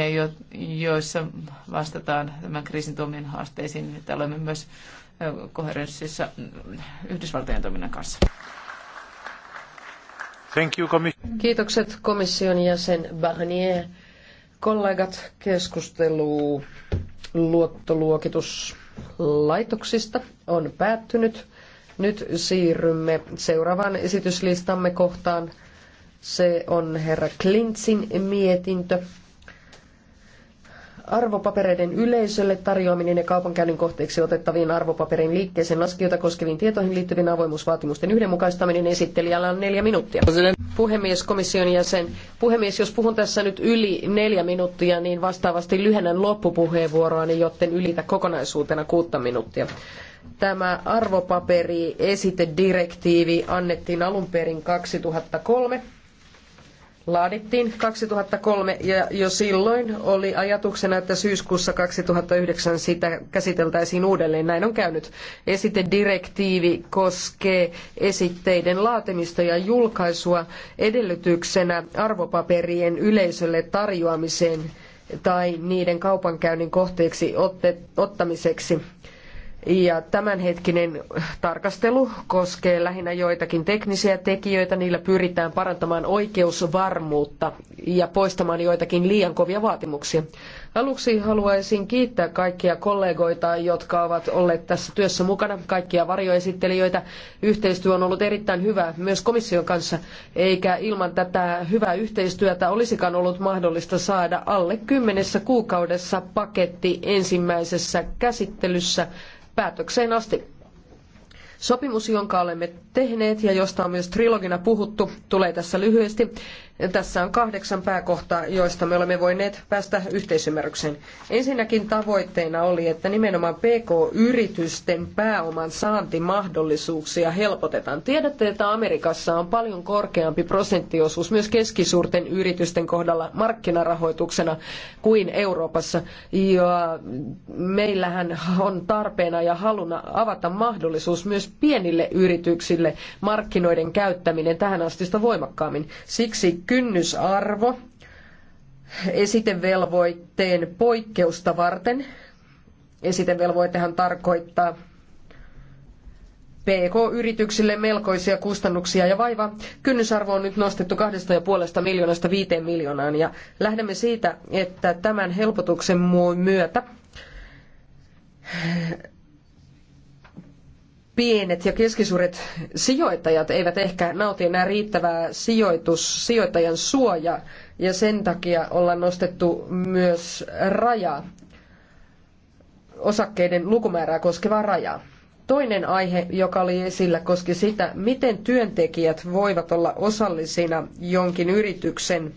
ja jo, joissa vastataan tämän kriisin tuomien haasteisiin, niin että olemme myös koherenssissa mm, Yhdysvaltojen toiminnan kanssa. Thank you, komi- Kiitokset komission jäsen Barnier. Kollegat, keskustelu luottoluokituslaitoksista on päättynyt. Nyt siirrymme seuraavaan esityslistamme kohtaan. Se on herra Klintsin mietintö. Arvopapereiden yleisölle tarjoaminen ja kaupankäynnin kohteeksi otettaviin arvopaperin liikkeeseen laskijoita koskeviin tietoihin liittyvien avoimuusvaatimusten yhdenmukaistaminen esittelijällä on neljä minuuttia. Puhemies, komission jäsen. Puhemies, jos puhun tässä nyt yli neljä minuuttia, niin vastaavasti lyhennän loppupuheenvuoroani, jotten ylitä kokonaisuutena kuutta minuuttia. Tämä arvopaperi esitedirektiivi annettiin alun perin 2003 laadittiin 2003 ja jo silloin oli ajatuksena, että syyskuussa 2009 sitä käsiteltäisiin uudelleen. Näin on käynyt. Esitedirektiivi koskee esitteiden laatimista ja julkaisua edellytyksenä arvopaperien yleisölle tarjoamiseen tai niiden kaupankäynnin kohteeksi ottamiseksi. Ja tämänhetkinen tarkastelu koskee lähinnä joitakin teknisiä tekijöitä. Niillä pyritään parantamaan oikeusvarmuutta ja poistamaan joitakin liian kovia vaatimuksia. Aluksi haluaisin kiittää kaikkia kollegoita, jotka ovat olleet tässä työssä mukana, kaikkia varjoesittelijöitä. Yhteistyö on ollut erittäin hyvää myös komission kanssa, eikä ilman tätä hyvää yhteistyötä olisikaan ollut mahdollista saada alle kymmenessä kuukaudessa paketti ensimmäisessä käsittelyssä päätökseen asti. Sopimus, jonka olemme tehneet ja josta on myös trilogina puhuttu, tulee tässä lyhyesti. Tässä on kahdeksan pääkohtaa, joista me olemme voineet päästä yhteisymmärrykseen. Ensinnäkin tavoitteena oli, että nimenomaan PK-yritysten pääoman saantimahdollisuuksia helpotetaan. Tiedätte, että Amerikassa on paljon korkeampi prosenttiosuus myös keskisuurten yritysten kohdalla markkinarahoituksena kuin Euroopassa. Ja meillähän on tarpeena ja haluna avata mahdollisuus myös pienille yrityksille markkinoiden käyttäminen tähän astista voimakkaammin. Siksi kynnysarvo esitevelvoitteen poikkeusta varten. Esitevelvoitehan tarkoittaa PK-yrityksille melkoisia kustannuksia ja vaivaa. Kynnysarvo on nyt nostettu 2,5 miljoonasta 5 miljoonaan ja lähdemme siitä, että tämän helpotuksen myötä pienet ja keskisuuret sijoittajat eivät ehkä nauti enää riittävää sijoitus, sijoittajan suojaa ja sen takia ollaan nostettu myös raja, osakkeiden lukumäärää koskevaa rajaa. Toinen aihe, joka oli esillä, koski sitä, miten työntekijät voivat olla osallisina jonkin yrityksen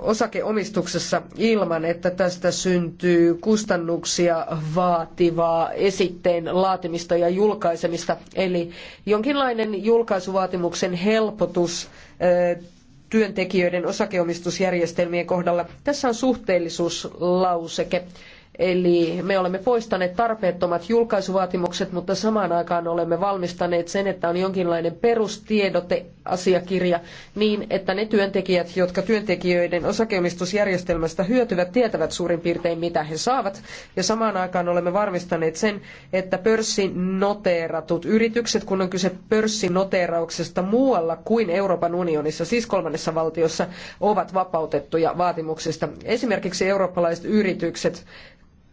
osakeomistuksessa ilman, että tästä syntyy kustannuksia vaativaa esitteen laatimista ja julkaisemista. Eli jonkinlainen julkaisuvaatimuksen helpotus työntekijöiden osakeomistusjärjestelmien kohdalla. Tässä on suhteellisuuslauseke Eli me olemme poistaneet tarpeettomat julkaisuvaatimukset, mutta samaan aikaan olemme valmistaneet sen, että on jonkinlainen perustiedoteasiakirja niin, että ne työntekijät, jotka työntekijöiden osakeomistusjärjestelmästä hyötyvät, tietävät suurin piirtein mitä he saavat. Ja samaan aikaan olemme varmistaneet sen, että pörssinoteeratut yritykset, kun on kyse pörssinoteerauksesta muualla kuin Euroopan unionissa, siis kolmannessa valtiossa, ovat vapautettuja vaatimuksista. Esimerkiksi eurooppalaiset yritykset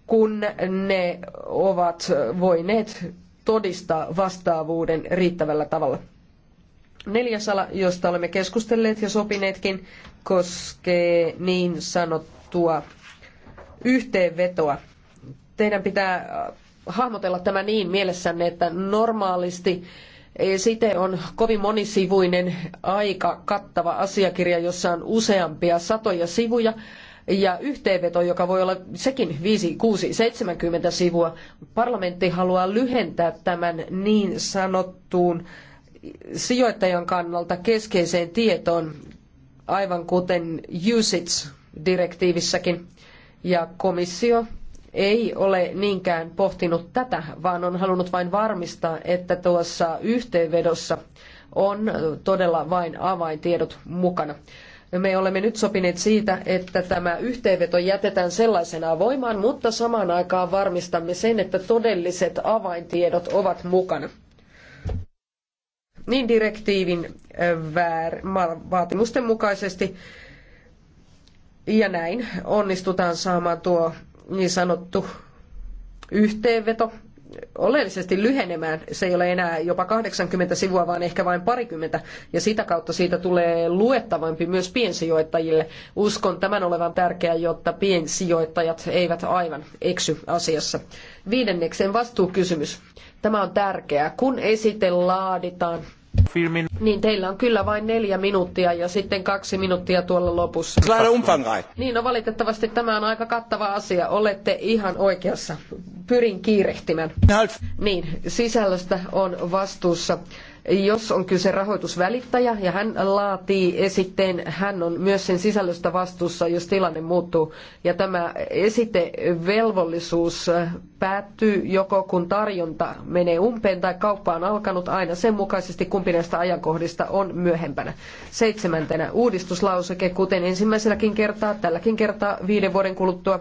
kun ne ovat voineet todistaa vastaavuuden riittävällä tavalla. Neljäs ala, josta olemme keskustelleet ja sopineetkin, koskee niin sanottua yhteenvetoa. Teidän pitää hahmotella tämä niin mielessänne, että normaalisti Site on kovin monisivuinen, aika kattava asiakirja, jossa on useampia satoja sivuja, ja yhteenveto, joka voi olla sekin 5, 6, 70 sivua. Parlamentti haluaa lyhentää tämän niin sanottuun sijoittajan kannalta keskeiseen tietoon, aivan kuten USITS-direktiivissäkin. Ja komissio ei ole niinkään pohtinut tätä, vaan on halunnut vain varmistaa, että tuossa yhteenvedossa on todella vain avaintiedot mukana. Me olemme nyt sopineet siitä, että tämä yhteenveto jätetään sellaisenaan voimaan, mutta samaan aikaan varmistamme sen, että todelliset avaintiedot ovat mukana niin direktiivin vaatimusten mukaisesti. Ja näin onnistutaan saamaan tuo niin sanottu yhteenveto oleellisesti lyhenemään. Se ei ole enää jopa 80 sivua, vaan ehkä vain parikymmentä. Ja sitä kautta siitä tulee luettavampi myös piensijoittajille. Uskon tämän olevan tärkeää, jotta piensijoittajat eivät aivan eksy asiassa. Viidennekseen vastuukysymys. Tämä on tärkeää. Kun esite laaditaan, Filmin. Niin teillä on kyllä vain neljä minuuttia ja sitten kaksi minuuttia tuolla lopussa. Niin no valitettavasti tämä on aika kattava asia. Olette ihan oikeassa pyrin kiirehtimään. Niin, sisällöstä on vastuussa jos on kyse rahoitusvälittäjä ja hän laatii esitteen, hän on myös sen sisällöstä vastuussa, jos tilanne muuttuu. Ja tämä esitevelvollisuus äh, päättyy joko kun tarjonta menee umpeen tai kauppa on alkanut aina sen mukaisesti, kumpi näistä ajankohdista on myöhempänä. Seitsemäntenä uudistuslauseke, kuten ensimmäiselläkin kertaa, tälläkin kertaa viiden vuoden kuluttua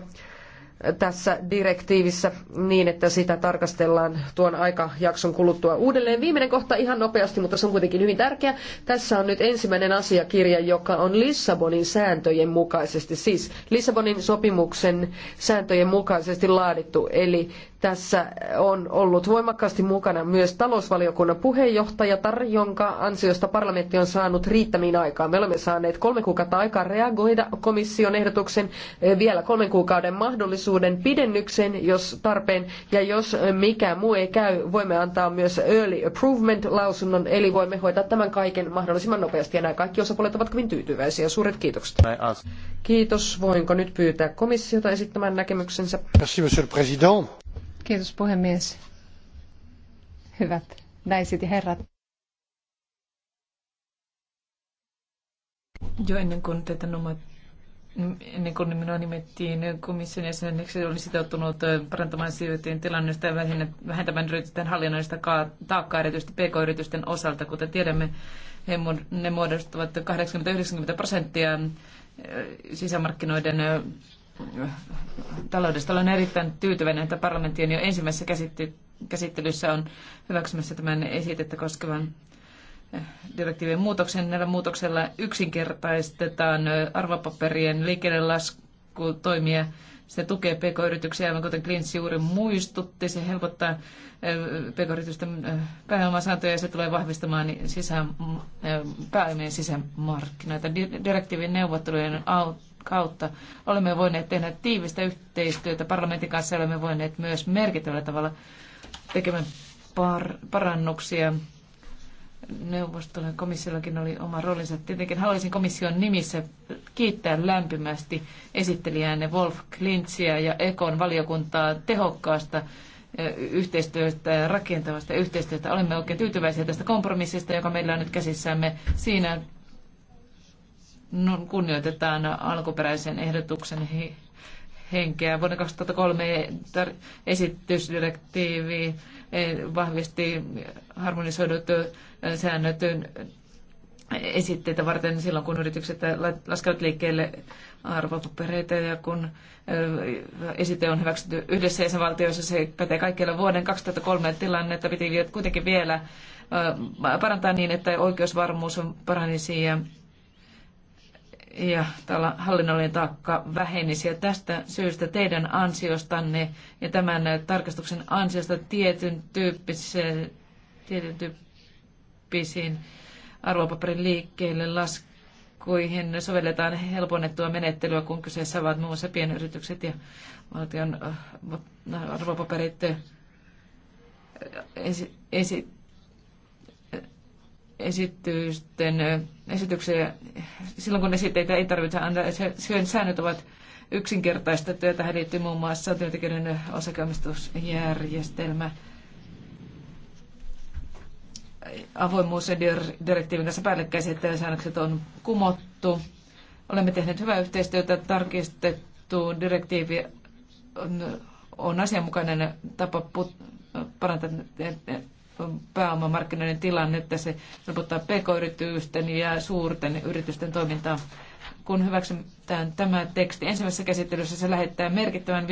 tässä direktiivissä niin, että sitä tarkastellaan tuon aikajakson kuluttua uudelleen. Viimeinen kohta ihan nopeasti, mutta se on kuitenkin hyvin tärkeä. Tässä on nyt ensimmäinen asiakirja, joka on Lissabonin sääntöjen mukaisesti, siis Lissabonin sopimuksen sääntöjen mukaisesti laadittu. Eli tässä on ollut voimakkaasti mukana myös talousvaliokunnan puheenjohtaja Tar, jonka ansiosta parlamentti on saanut riittämiin aikaa. Me olemme saaneet kolme kuukautta aikaa reagoida komission ehdotuksen eh, vielä kolmen kuukauden mahdollisuuden pidennykseen, jos tarpeen. Ja jos mikään muu ei käy, voimme antaa myös early approvement-lausunnon, eli voimme hoitaa tämän kaiken mahdollisimman nopeasti. Ja nämä kaikki osapuolet ovat kovin tyytyväisiä. Suuret kiitokset. Kiitos. Voinko nyt pyytää komissiota esittämään näkemyksensä? Merci, Kiitos puhemies. Hyvät naiset ja herrat. Jo ennen kuin tätä noma, ennen kuin minua nimettiin komission jäseneksi, oli sitoutunut parantamaan sijoittajien tilannetta ja vähentämään yritysten hallinnollista taakkaa erityisesti pk-yritysten osalta. Kuten tiedämme, he, ne muodostavat 80-90 prosenttia sisämarkkinoiden taloudesta. Olen erittäin tyytyväinen, että parlamentti on jo ensimmäisessä käsittelyssä on hyväksymässä tämän esitettä koskevan eh, direktiivin muutoksen. Näillä muutoksella yksinkertaistetaan eh, arvopaperien liikennelaskutoimia. Se tukee pk-yrityksiä, aivan kuten Klins juuri muistutti. Se helpottaa eh, pk-yritysten pääomasääntöjä ja se tulee vahvistamaan sisään, pääomien sisämarkkinoita. Direktiivin neuvottelujen auttaa kautta olemme voineet tehdä tiivistä yhteistyötä parlamentin kanssa ja olemme voineet myös merkittävällä tavalla tekemään par- parannuksia. Neuvostolla ja komissiollakin oli oma roolinsa. Tietenkin haluaisin komission nimissä kiittää lämpimästi esittelijäänne Wolf Klintsiä ja Ekon valiokuntaa tehokkaasta yhteistyöstä ja rakentavasta yhteistyöstä. Olemme oikein tyytyväisiä tästä kompromissista, joka meillä on nyt käsissämme. Siinä No, kunnioitetaan alkuperäisen ehdotuksen henkeä. Vuonna 2003 esitysdirektiivi eh, vahvisti harmonisoidut eh, säännöt eh, esitteitä varten silloin, kun yritykset laskevat liikkeelle arvopapereita ja kun esite on hyväksytty yhdessä jäsenvaltioissa, se pätee kaikkialla vuoden 2003 tilannetta piti kuitenkin vielä parantaa niin, että oikeusvarmuus on paranisi ja ja tällä hallinnollinen taakka vähenisi. Ja tästä syystä teidän ansiostanne ja tämän tarkastuksen ansiosta tietyn, tyyppisen, tietyn tyyppisiin arvopaperin liikkeelle laskuihin sovelletaan helponnettua menettelyä, kun kyseessä ovat muun muassa pienyritykset ja valtion äh, arvopaperit. Äh, esi- esi- esitysten, esityksiä, silloin kun esitteitä ei tarvitse antaa, sen säännöt ovat yksinkertaistettuja. Tähän liittyy muun muassa työntekijöiden osakeomistusjärjestelmä direktiivin kanssa päällekkäiset säännökset on kumottu. Olemme tehneet hyvää yhteistyötä. Tarkistettu direktiivi on, on asianmukainen tapa put, parantaa pääomamarkkinoiden tilanne, että se helpottaa pk-yritysten ja suurten yritysten toimintaa. Kun hyväksytään tämä teksti ensimmäisessä käsittelyssä, se lähettää merkittävän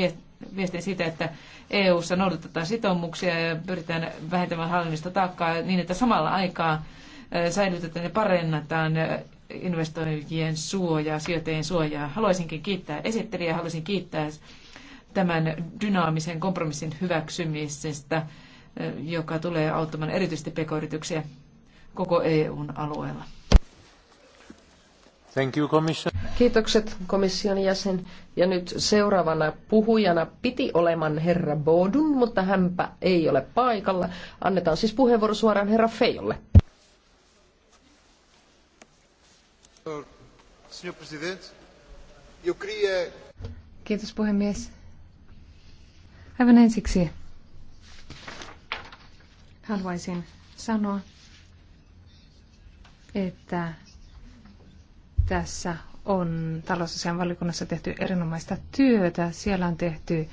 viestin siitä, että EU-ssa noudatetaan sitoumuksia ja pyritään vähentämään hallinnista taakkaa niin, että samalla aikaa säilytetään ja parennetaan investoijien suojaa, sijoittajien suojaa. Haluaisinkin kiittää esittelijää, haluaisin kiittää tämän dynaamisen kompromissin hyväksymisestä joka tulee auttamaan erityisesti pk-yrityksiä koko EUn alueella. Thank you, commission. Kiitokset komission jäsen. Ja nyt seuraavana puhujana piti oleman herra Bodun, mutta hänpä ei ole paikalla. Annetaan siis puheenvuoro suoraan herra Feijolle. Kiitos puhemies. Aivan ensiksi haluaisin sanoa, että tässä on talousasian valikunnassa tehty erinomaista työtä. Siellä on tehty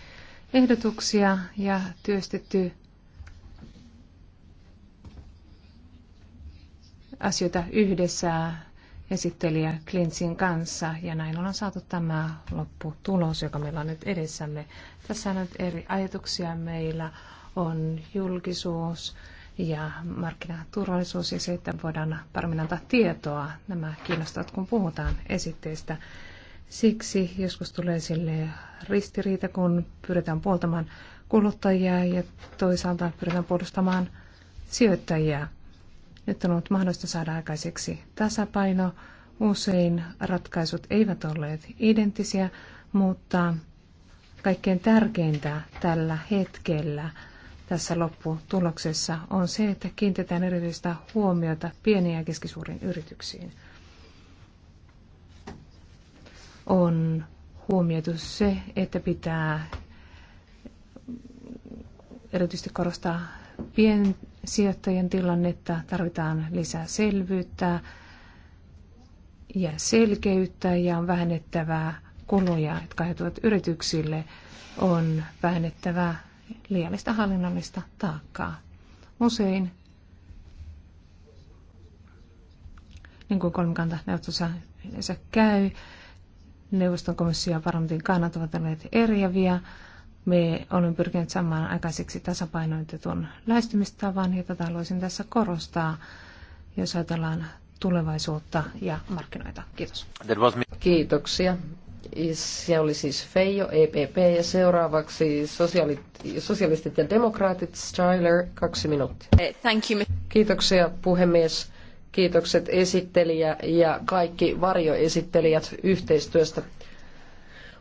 ehdotuksia ja työstetty asioita yhdessä esittelijä Klintsin kanssa ja näin ollaan saatu tämä lopputulos, joka meillä on nyt edessämme. Tässä on nyt eri ajatuksia meillä on julkisuus ja markkinaturvallisuus ja se, että voidaan paremmin antaa tietoa. Nämä kiinnostavat, kun puhutaan esitteistä. Siksi joskus tulee sille ristiriita, kun pyritään puoltamaan kuluttajia ja toisaalta pyritään puolustamaan sijoittajia. Nyt on ollut mahdollista saada aikaiseksi tasapaino. Usein ratkaisut eivät olleet identtisiä, mutta kaikkein tärkeintä tällä hetkellä tässä lopputuloksessa on se, että kiinnitetään erityistä huomiota pieniin ja keskisuuriin yrityksiin. On huomioitu se, että pitää erityisesti korostaa piensijoittajien tilannetta, tarvitaan lisää selvyyttä ja selkeyttä ja on vähennettävää kuluja, jotka aiheutuvat yrityksille, on vähennettävää liiallista hallinnollista taakkaa. Usein, niin kuin kolmikanta neuvostossa yleensä käy, neuvoston komissio ja parlamentin kannat ovat olleet eriäviä, me olemme pyrkineet saamaan aikaiseksi tasapainoitetun lähestymistavan, ja tätä haluaisin tässä korostaa, jos ajatellaan tulevaisuutta ja markkinoita. Kiitos. Kiitoksia. Se oli siis Feijo, EPP, ja seuraavaksi sosiaalit, sosialistit ja demokraatit, Styler, kaksi minuuttia. Eh, thank you. Kiitoksia puhemies. Kiitokset esittelijä ja kaikki varjoesittelijät yhteistyöstä.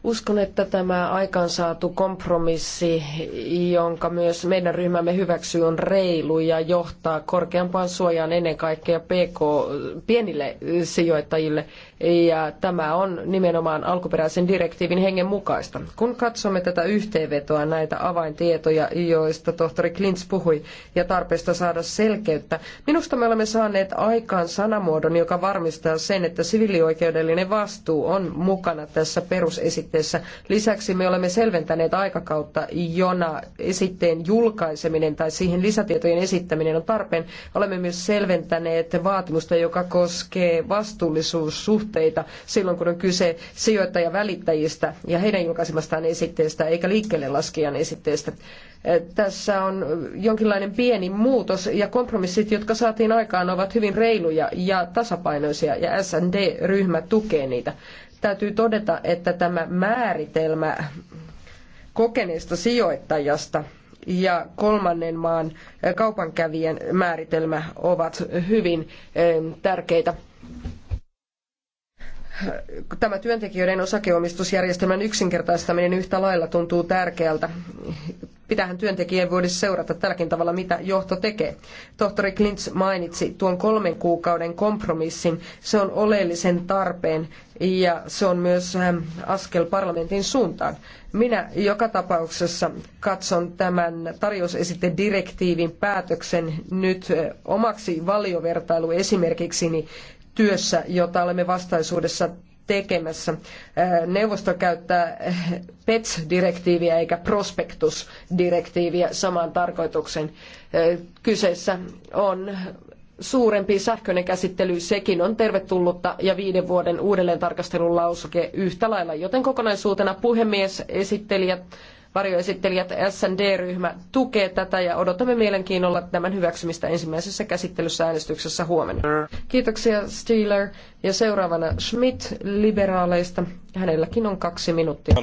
Uskon, että tämä aikaansaatu kompromissi, jonka myös meidän ryhmämme hyväksyy, on reilu ja johtaa korkeampaan suojaan ennen kaikkea PK, pienille sijoittajille ja tämä on nimenomaan alkuperäisen direktiivin hengen mukaista. Kun katsomme tätä yhteenvetoa, näitä avaintietoja, joista tohtori Klints puhui, ja tarpeesta saada selkeyttä, minusta me olemme saaneet aikaan sanamuodon, joka varmistaa sen, että siviilioikeudellinen vastuu on mukana tässä perusesitteessä. Lisäksi me olemme selventäneet aikakautta, jona esitteen julkaiseminen tai siihen lisätietojen esittäminen on tarpeen. Olemme myös selventäneet vaatimusta, joka koskee vastuullisuussuhteita suhteita silloin, kun on kyse sijoittajavälittäjistä ja heidän julkaisemastaan esitteestä eikä liikkeelle laskijan esitteestä. Tässä on jonkinlainen pieni muutos ja kompromissit, jotka saatiin aikaan, ovat hyvin reiluja ja tasapainoisia ja SND-ryhmä tukee niitä. Täytyy todeta, että tämä määritelmä kokeneesta sijoittajasta ja kolmannen maan kaupankävijän määritelmä ovat hyvin tärkeitä tämä työntekijöiden osakeomistusjärjestelmän yksinkertaistaminen yhtä lailla tuntuu tärkeältä. Pitähän työntekijän voida seurata tälläkin tavalla, mitä johto tekee. Tohtori Klinz mainitsi tuon kolmen kuukauden kompromissin. Se on oleellisen tarpeen ja se on myös ähm, askel parlamentin suuntaan. Minä joka tapauksessa katson tämän tarjousesitedirektiivin päätöksen nyt äh, omaksi valiovertailu esimerkiksi niin työssä, jota olemme vastaisuudessa tekemässä. Äh, neuvosto käyttää äh, PETS-direktiiviä eikä prospektusdirektiiviä samaan tarkoitukseen. Kyseessä on suurempi sähköinen käsittely, sekin on tervetullutta ja viiden vuoden uudelleentarkastelun lauseke yhtä lailla. Joten kokonaisuutena puhemies, esittelijät, varjoesittelijät SND-ryhmä tukee tätä ja odotamme mielenkiinnolla tämän hyväksymistä ensimmäisessä käsittelyssä äänestyksessä huomenna. Kiitoksia Steeler. Ja seuraavana Schmidt liberaaleista. Hänelläkin on kaksi minuuttia.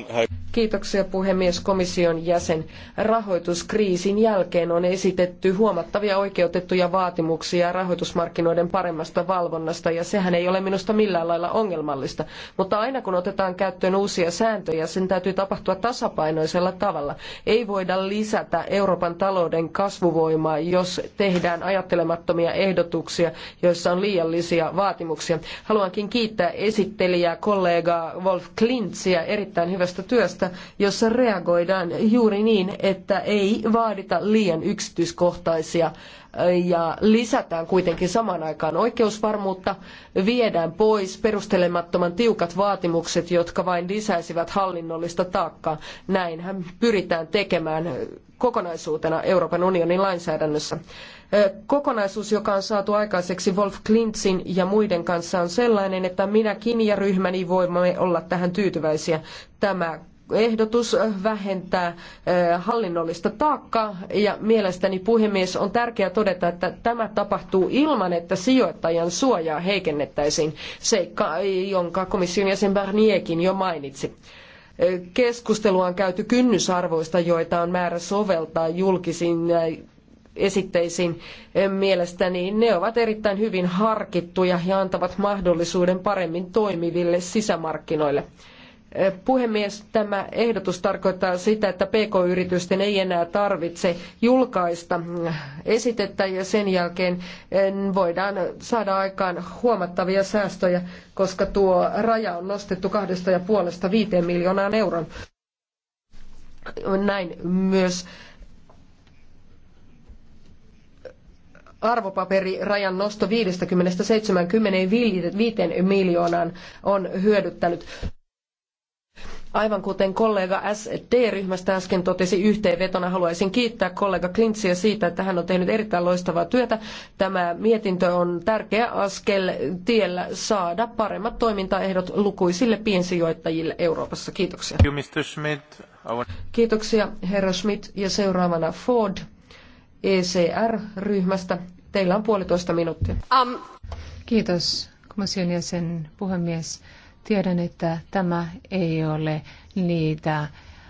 Kiitoksia puhemies komission jäsen. Rahoituskriisin jälkeen on esitetty huomattavia oikeutettuja vaatimuksia rahoitusmarkkinoiden paremmasta valvonnasta ja sehän ei ole minusta millään lailla ongelmallista. Mutta aina kun otetaan käyttöön uusia sääntöjä, sen täytyy tapahtua tasapainoisella tavalla. Ei voida lisätä Euroopan talouden kasvuvoimaa, jos tehdään ajattelemattomia ehdotuksia, joissa on liiallisia vaatimuksia. Haluankin kiittää esittelijää kollegaa Wolf Klintsiä erittäin hyvästä työstä, jossa reagoidaan juuri niin, että ei vaadita liian yksityiskohtaisia ja lisätään kuitenkin samaan aikaan oikeusvarmuutta, viedään pois perustelemattoman tiukat vaatimukset, jotka vain lisäisivät hallinnollista taakkaa. Näinhän pyritään tekemään kokonaisuutena Euroopan unionin lainsäädännössä. Kokonaisuus, joka on saatu aikaiseksi Wolf Klintzin ja muiden kanssa on sellainen, että minäkin ja ryhmäni voimme olla tähän tyytyväisiä. Tämä ehdotus vähentää hallinnollista taakkaa ja mielestäni puhemies on tärkeää todeta, että tämä tapahtuu ilman, että sijoittajan suojaa heikennettäisiin, seikka jonka komission jäsen Barnierkin jo mainitsi. Keskustelua on käyty kynnysarvoista, joita on määrä soveltaa julkisiin esitteisiin mielestäni ne ovat erittäin hyvin harkittuja ja antavat mahdollisuuden paremmin toimiville sisämarkkinoille. Puhemies, tämä ehdotus tarkoittaa sitä, että PK-yritysten ei enää tarvitse julkaista esitettä ja sen jälkeen eh, voidaan saada aikaan huomattavia säästöjä, koska tuo raja on nostettu kahdesta ja puolesta viiteen miljoonaan euron. Näin myös arvopaperirajan nosto 50-75 miljoonaan on hyödyttänyt Aivan kuten kollega SD-ryhmästä äsken totesi yhteenvetona, haluaisin kiittää kollega Klintsiä siitä, että hän on tehnyt erittäin loistavaa työtä. Tämä mietintö on tärkeä askel tiellä saada paremmat toimintaehdot lukuisille piensijoittajille Euroopassa. Kiitoksia. Kiitoksia, herra Schmidt. Ja seuraavana Ford ECR-ryhmästä. Teillä on puolitoista minuuttia. Um. Kiitos, komission jäsen puhemies. Tiedän, että tämä ei ole niitä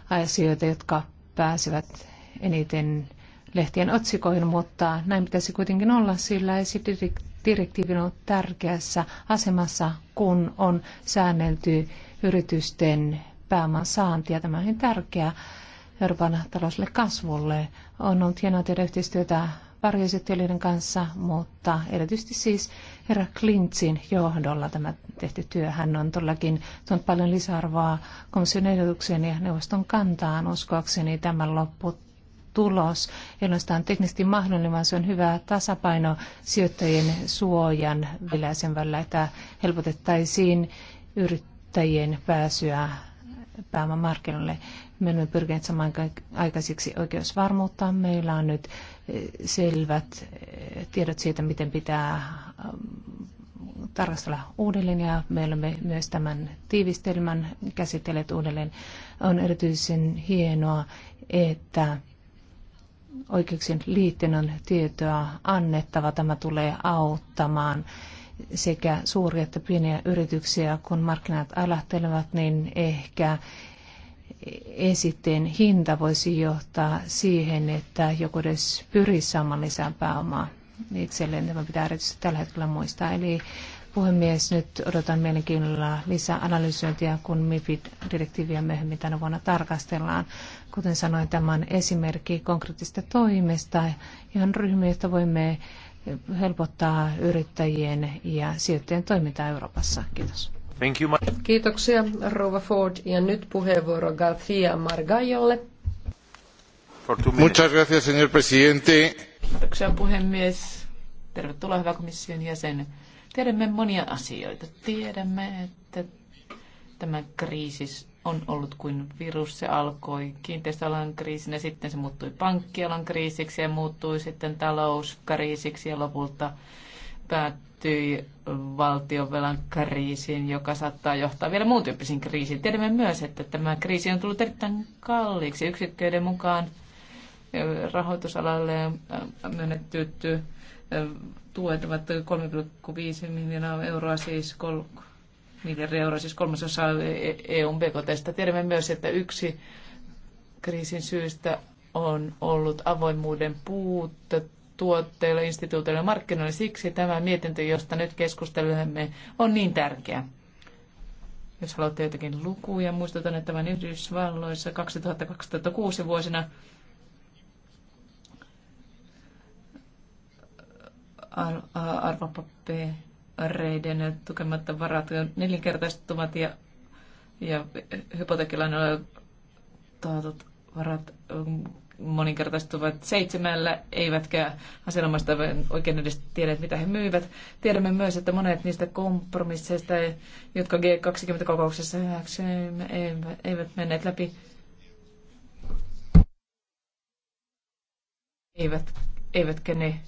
asioita, jotka pääsevät eniten lehtien otsikoihin, mutta näin pitäisi kuitenkin olla, sillä esidirektiivi on tärkeässä asemassa, kun on säännelty yritysten pääoman saantia. Tämä on tärkeää Euroopan taloudelle kasvulle. On ollut hienoa tehdä yhteistyötä varjoesittelijöiden kanssa, mutta erityisesti siis herra Klintsin johdolla tämä tehty työ. Hän on todellakin tuonut paljon lisäarvoa komission ehdotukseen ja neuvoston kantaan. Uskoakseni tämän loppu tulos, jolloin sitä on teknisesti mahdollinen, vaan se on hyvä tasapaino sijoittajien suojan viläisen välillä, että helpotettaisiin yrittäjien pääsyä pääomamarkkinoille. Me olemme pyrkineet samaan aikaiseksi oikeusvarmuutta. Meillä on nyt eh, selvät eh, tiedot siitä, miten pitää ähm, tarkastella uudelleen ja me olemme myös tämän tiivistelmän käsitelleet uudelleen. On erityisen hienoa, että oikeuksien liitteen on tietoa annettava. Tämä tulee auttamaan sekä suuria että pieniä yrityksiä, kun markkinat älähtelevät, niin ehkä esitteen hinta voisi johtaa siihen, että joku edes pyri saamaan lisää pääomaa itselleen. Tämä pitää erityisesti tällä hetkellä muistaa. Eli puhemies, nyt odotan mielenkiinnolla lisää analysointia, kun MIFID-direktiiviä myöhemmin tänä vuonna tarkastellaan. Kuten sanoin, tämä on esimerkki konkreettista toimesta, johon ryhmiä, jotta voimme helpottaa yrittäjien ja sijoittajien toimintaa Euroopassa. Kiitos. Thank you. Kiitoksia, Rova Ford. Ja nyt puheenvuoro García Margallolle. Muchas gracias, señor presidente. Kiitoksia, puhemies. Tervetuloa, hyvä komission jäsen. Tiedämme monia asioita. Tiedämme, että tämä kriisi on ollut kuin virus. Se alkoi kiinteistöalan kriisinä, sitten se muuttui pankkialan kriisiksi ja muuttui sitten talouskriisiksi ja lopulta päättyi liittyi valtionvelan kriisiin, joka saattaa johtaa vielä muun tyyppisiin kriisiin. Tiedämme myös, että tämä kriisi on tullut erittäin kalliiksi yksiköiden mukaan rahoitusalalle myönnettyt tuet ovat 3,5 miljoonaa euroa, siis kol- miljardia euroa, siis kolmasosa EUn e-, e BKTstä. Tiedämme myös, että yksi kriisin syystä on ollut avoimuuden puutetta tuotteille, instituuteille ja markkinoille. Siksi tämä mietintö, josta nyt keskustelemme, on niin tärkeä. Jos haluatte jotakin lukuja, muistutan, että tämän Yhdysvalloissa 2006 vuosina arvopapereiden tukematta varat nelinkertaistuvat ja, ja hypoteekilainoilla varat moninkertaistuvat seitsemällä, eivätkä asianomaista oikein edes tiedä, mitä he myyvät. Tiedämme myös, että monet niistä kompromisseista, jotka G20-kokouksessa hyväksyimme, eivät menneet läpi. Eivät, eivätkä ne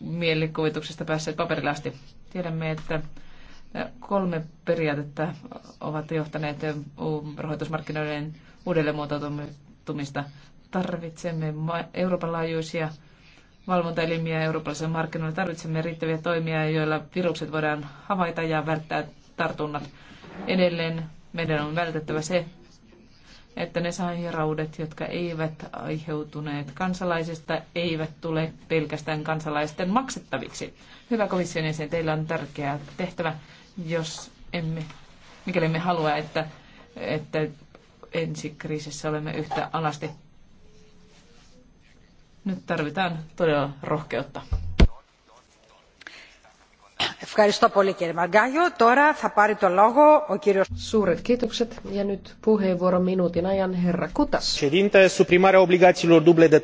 mielikuvituksesta päässeet paperille asti. Tiedämme, että kolme periaatetta ovat johtaneet rahoitusmarkkinoiden uudelleenmuotoutumista. Tarvitsemme Euroopan laajuisia valvontaelimiä eurooppalaisilla markkinoilla. Tarvitsemme riittäviä toimia, joilla virukset voidaan havaita ja välttää tartunnat. Edelleen meidän on vältettävä se, että ne sairaudet, jotka eivät aiheutuneet kansalaisista, eivät tule pelkästään kansalaisten maksettaviksi. Hyvä komission jäsen, teillä on tärkeä tehtävä, jos emme, mikäli emme halua, että, että ensi kriisissä olemme yhtä alasti. Nyt tarvitaan todella rohkeutta. Suuret kiitokset ja nyt puheenvuoro minuutin ajan herra Kutas. duble de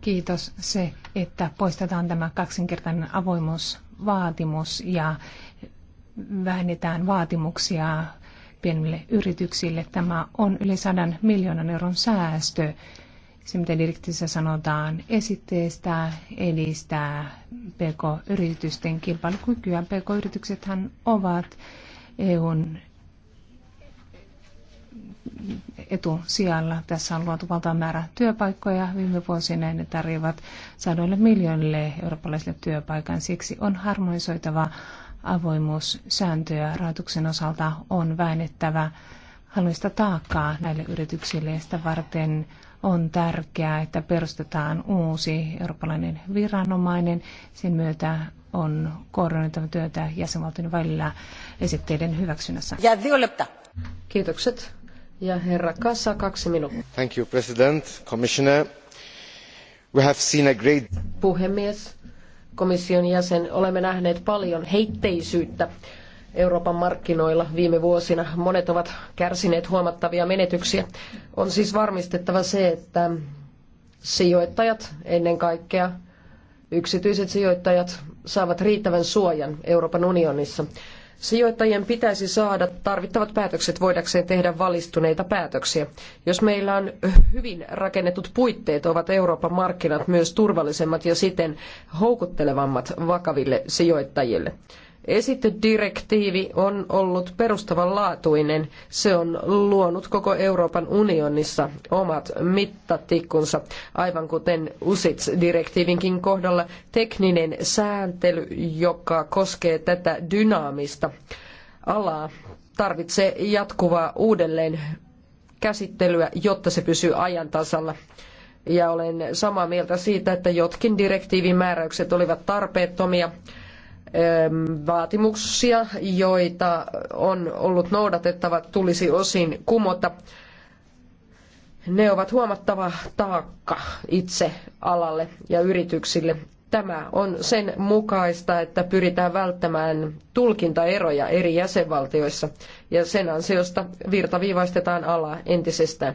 Kiitos se, että poistetaan tämä kaksinkertainen avoimuusvaatimus ja vähennetään vaatimuksia pienille yrityksille. Tämä on yli 100 miljoonan euron säästö. Se, mitä direktiivissä sanotaan esitteestä, edistää PK-yritysten kilpailukykyä. PK-yrityksethän ovat EUn etusijalla. Tässä on luotu valtava määrä työpaikkoja viime vuosina ja ne tarjoavat sadoille miljoonille eurooppalaisille työpaikan. Siksi on harmonisoitava avoimuussääntöjä rahoituksen osalta on vähennettävä hallinnollista taakkaa näille yrityksille ja sitä varten on tärkeää, että perustetaan uusi eurooppalainen viranomainen. Sen myötä on koordinoitava työtä jäsenvaltion välillä esitteiden hyväksynnässä. Kiitokset. Ja herra Kassa, kaksi minuuttia. Thank you, President, Commissioner. We have seen a great... Puhemies, komission jäsen, olemme nähneet paljon heitteisyyttä Euroopan markkinoilla viime vuosina. Monet ovat kärsineet huomattavia menetyksiä. On siis varmistettava se, että sijoittajat, ennen kaikkea yksityiset sijoittajat, saavat riittävän suojan Euroopan unionissa. Sijoittajien pitäisi saada tarvittavat päätökset voidakseen tehdä valistuneita päätöksiä. Jos meillä on hyvin rakennetut puitteet, ovat Euroopan markkinat myös turvallisemmat ja siten houkuttelevammat vakaville sijoittajille. Esitedirektiivi on ollut perustavanlaatuinen. Se on luonut koko Euroopan unionissa omat mittatikkunsa, aivan kuten USITS-direktiivinkin kohdalla tekninen sääntely, joka koskee tätä dynaamista alaa, tarvitsee jatkuvaa uudelleen käsittelyä, jotta se pysyy ajan tasalla. Ja olen samaa mieltä siitä, että jotkin direktiivin määräykset olivat tarpeettomia, vaatimuksia, joita on ollut noudatettava, tulisi osin kumota. Ne ovat huomattava taakka itse alalle ja yrityksille. Tämä on sen mukaista, että pyritään välttämään tulkintaeroja eri jäsenvaltioissa ja sen ansiosta virtaviivaistetaan alaa entisestään.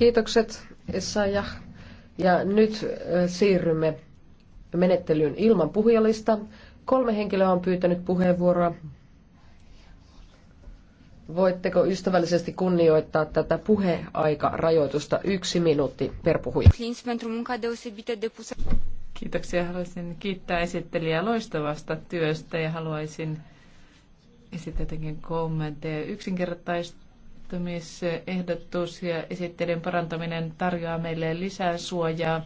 Kiitokset, Essaja. Ja nyt siirrymme menettelyyn ilman puhujalista. Kolme henkilöä on pyytänyt puheenvuoroa. Voitteko ystävällisesti kunnioittaa tätä puheaikarajoitusta yksi minuutti per puhuja? Kiitoksia. Haluaisin kiittää esittelijää loistavasta työstä ja haluaisin esittää jotenkin kommentteja. Yksinkertaista sopeutumisehdotus ja esitteiden parantaminen tarjoaa meille lisää suojaa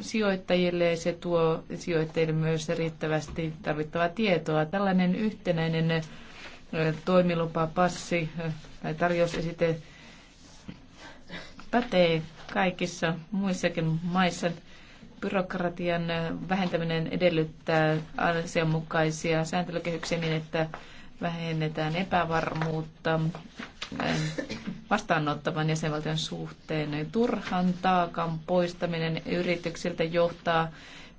sijoittajille ja se tuo sijoittajille myös riittävästi tarvittavaa tietoa. Tällainen yhtenäinen toimilupa, passi tai tarjousesite pätee kaikissa muissakin maissa. Byrokratian vähentäminen edellyttää asianmukaisia sääntelykehyksiä niin, että vähennetään epävarmuutta eh, vastaanottavan jäsenvaltion suhteen. Turhan taakan poistaminen yrityksiltä johtaa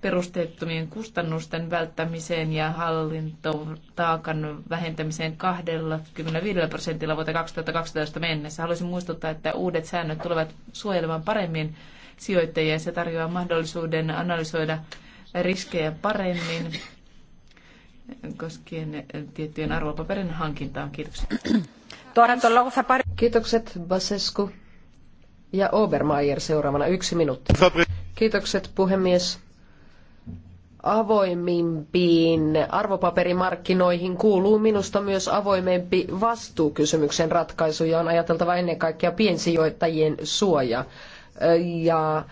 perusteettomien kustannusten välttämiseen ja hallintotaakan vähentämiseen 25 prosentilla vuoteen 2012 mennessä. Haluaisin muistuttaa, että uudet säännöt tulevat suojelemaan paremmin sijoittajia ja se tarjoaa mahdollisuuden analysoida riskejä paremmin koskien tiettyjen arvopaperin hankintaa. Kiitoksia. Kiitokset Basescu ja Obermeier seuraavana yksi minuutti. Kiitokset puhemies. Avoimimpiin arvopaperimarkkinoihin kuuluu minusta myös avoimempi vastuukysymyksen ratkaisu ja on ajateltava ennen kaikkea piensijoittajien suoja. Ja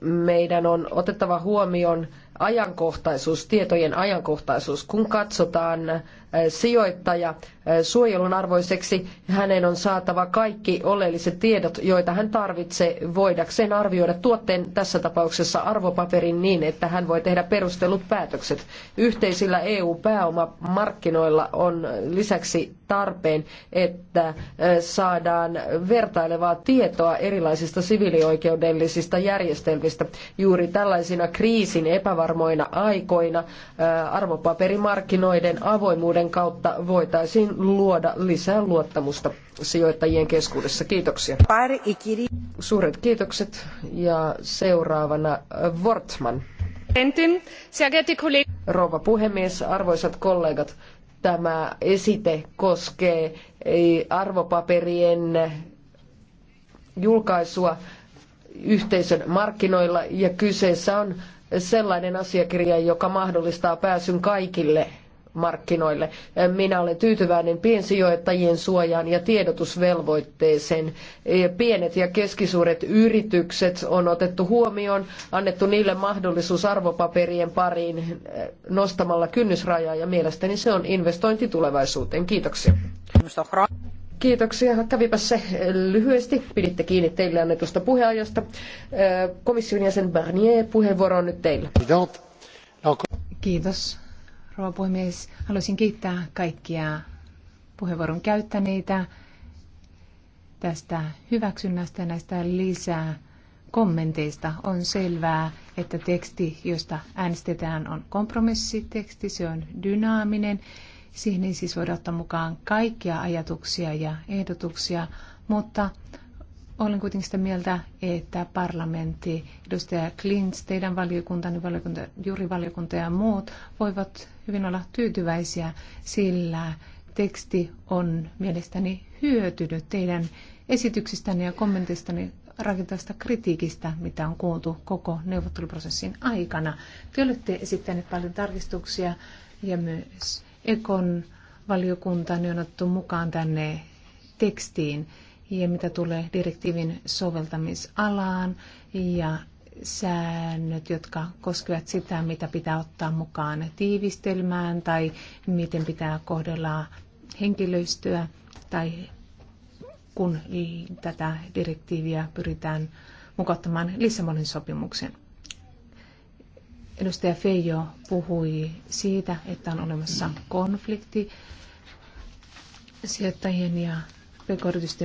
meidän on otettava huomioon ajankohtaisuus, tietojen ajankohtaisuus. Kun katsotaan äh, sijoittaja äh, suojelun arvoiseksi, hänen on saatava kaikki oleelliset tiedot, joita hän tarvitsee voidakseen arvioida tuotteen, tässä tapauksessa arvopaperin niin, että hän voi tehdä perustellut päätökset. Yhteisillä EU-pääomamarkkinoilla on lisäksi tarpeen, että äh, saadaan vertailevaa tietoa erilaisista siviilioikeudellisista järjestelmistä juuri tällaisina kriisin epävarmuuksina epävarmoina aikoina arvopaperimarkkinoiden avoimuuden kautta voitaisiin luoda lisää luottamusta sijoittajien keskuudessa. Kiitoksia. Suuret kiitokset ja seuraavana Wortman. Rouva puhemies, arvoisat kollegat, tämä esite koskee arvopaperien julkaisua yhteisön markkinoilla ja kyseessä on sellainen asiakirja, joka mahdollistaa pääsyn kaikille markkinoille. Minä olen tyytyväinen piensijoittajien suojaan ja tiedotusvelvoitteeseen. E, pienet ja keskisuuret yritykset on otettu huomioon, annettu niille mahdollisuus arvopaperien pariin e, nostamalla kynnysrajaa ja mielestäni se on investointi tulevaisuuteen. Kiitoksia. Kiitoksia. Kävipä se lyhyesti. Piditte kiinni teille annetusta puheajosta. Komission jäsen Barnier, puheenvuoro on nyt teillä. Kiitos, rouva puhemies. Haluaisin kiittää kaikkia puheenvuoron käyttäneitä tästä hyväksynnästä ja näistä lisää kommenteista on selvää, että teksti, josta äänestetään, on kompromissiteksti, se on dynaaminen Siihen ei siis voida ottaa mukaan kaikkia ajatuksia ja ehdotuksia, mutta olen kuitenkin sitä mieltä, että parlamentti, edustaja Klins, teidän valiokuntanne, valiokunta, juurivaliokunta ja muut voivat hyvin olla tyytyväisiä, sillä teksti on mielestäni hyötynyt teidän esityksistänne ja kommentistanne rakentavasta kritiikistä, mitä on kuultu koko neuvotteluprosessin aikana. Te olette esittäneet paljon tarkistuksia ja myös Ekon valiokunta on otettu mukaan tänne tekstiin ja mitä tulee direktiivin soveltamisalaan ja säännöt, jotka koskevat sitä, mitä pitää ottaa mukaan tiivistelmään tai miten pitää kohdella henkilöstöä tai kun tätä direktiiviä pyritään mukauttamaan Lissabonin sopimuksen. Edustaja Feijo puhui siitä, että on olemassa konflikti sijoittajien ja pk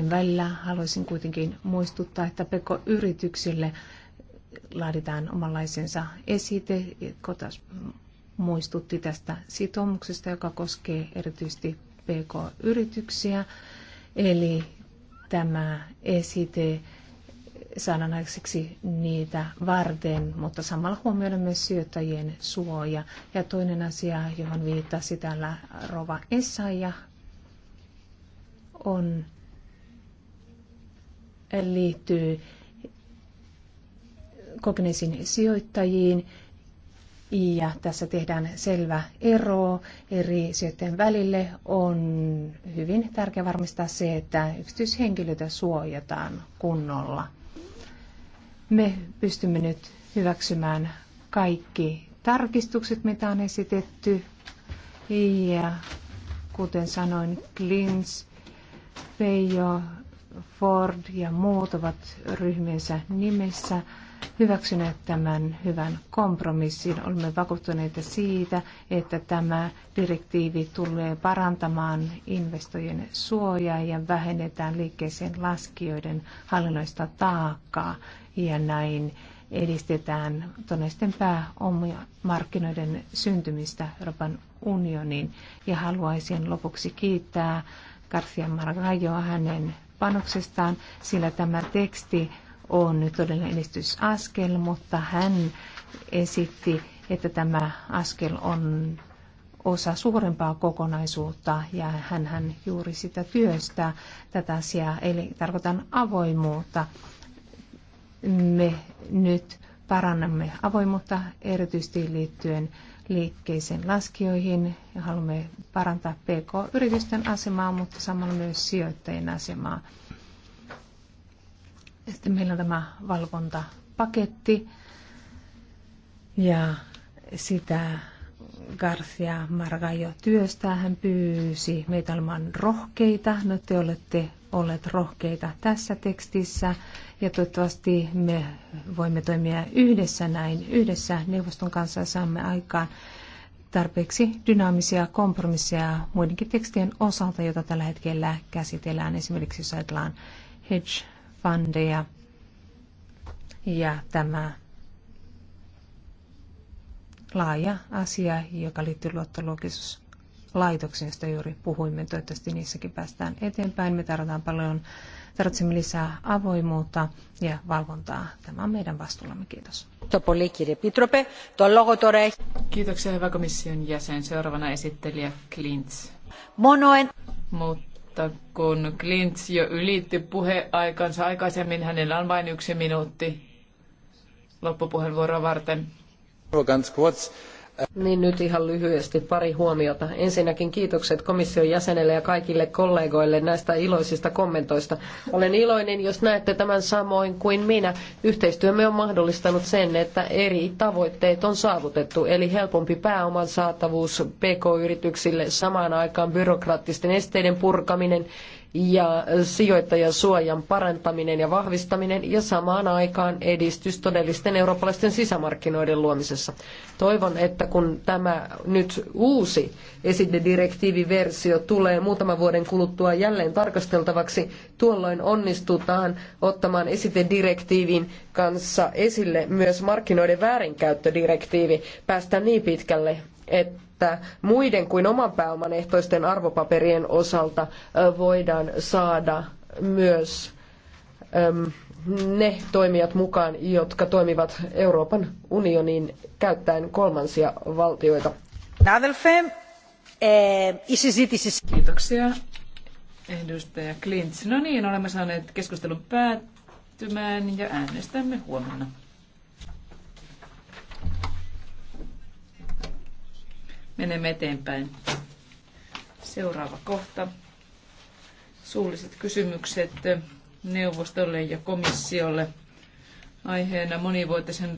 välillä. Haluaisin kuitenkin muistuttaa, että pk-yrityksille laaditaan omanlaisensa esite, kotas muistutti tästä sitoumuksesta, joka koskee erityisesti pk-yrityksiä. Eli tämä esite sananaisiksi niitä varten, mutta samalla huomioida myös syöttäjien suoja. Ja toinen asia, johon viittasi täällä Rova Essaja, on, liittyy kokeneisiin sijoittajiin, ja tässä tehdään selvä ero eri sijoittajien välille. On hyvin tärkeää varmistaa se, että yksityishenkilöitä suojataan kunnolla. Me pystymme nyt hyväksymään kaikki tarkistukset, mitä on esitetty. Ja kuten sanoin, Klins, Peijo, Ford ja muut ovat ryhmiensä nimessä hyväksyneet tämän hyvän kompromissin. Olemme vakuuttuneita siitä, että tämä direktiivi tulee parantamaan investojen suojaa ja vähennetään liikkeeseen laskijoiden hallinnoista taakkaa ja näin edistetään pääomia markkinoiden syntymistä Euroopan unioniin. Ja haluaisin lopuksi kiittää Garcia Margajoa hänen panoksestaan, sillä tämä teksti on nyt todellinen edistysaskel, mutta hän esitti, että tämä askel on osa suurempaa kokonaisuutta ja hän hän juuri sitä työstää tätä asiaa, eli tarkoitan avoimuutta me nyt parannamme avoimuutta erityisesti liittyen liikkeisen laskijoihin ja haluamme parantaa PK-yritysten asemaa, mutta samalla myös sijoittajien asemaa. Sitten meillä on tämä valvontapaketti ja sitä Garcia jo työstää. Hän pyysi meitä olemaan rohkeita. No te olette olleet rohkeita tässä tekstissä ja toivottavasti me voimme toimia yhdessä näin, yhdessä neuvoston kanssa saamme aikaan tarpeeksi dynaamisia kompromisseja muidenkin tekstien osalta, joita tällä hetkellä käsitellään. Esimerkiksi jos ajatellaan hedge fundeja ja tämä laaja asia, joka liittyy luottoluokituslaitoksiin, josta juuri puhuimme. Toivottavasti niissäkin päästään eteenpäin. Me tarvitaan paljon Tarvitsemme lisää avoimuutta ja valvontaa. Tämä on meidän vastuullamme. Kiitos. Kiitoksia hyvä komission jäsen. Seuraavana esittelijä Klintz. Monoen. Mutta kun Klintz jo ylitti puheaikansa aikaisemmin, hänellä on vain yksi minuutti loppupuheenvuoroa varten. Ganz kurz. Niin nyt ihan lyhyesti pari huomiota. Ensinnäkin kiitokset komission jäsenelle ja kaikille kollegoille näistä iloisista kommentoista. Olen iloinen, jos näette tämän samoin kuin minä. Yhteistyömme on mahdollistanut sen, että eri tavoitteet on saavutettu, eli helpompi pääoman saatavuus PK-yrityksille, samaan aikaan byrokraattisten esteiden purkaminen ja sijoittajasuojan parantaminen ja vahvistaminen ja samaan aikaan edistys todellisten eurooppalaisten sisämarkkinoiden luomisessa. Toivon, että että kun tämä nyt uusi esitedirektiiviversio tulee muutaman vuoden kuluttua jälleen tarkasteltavaksi, tuolloin onnistutaan ottamaan esitedirektiivin kanssa esille myös markkinoiden väärinkäyttödirektiivi, päästä niin pitkälle, että muiden kuin oman pääoman ehtoisten arvopaperien osalta voidaan saada myös ne toimijat mukaan, jotka toimivat Euroopan unionin käyttäen kolmansia valtioita. Eh, Kiitoksia. Edustaja Klints. No niin, olemme saaneet keskustelun päättymään ja äänestämme huomenna. Menemme eteenpäin. Seuraava kohta. Suulliset kysymykset neuvostolle ja komissiolle aiheena monivuotisen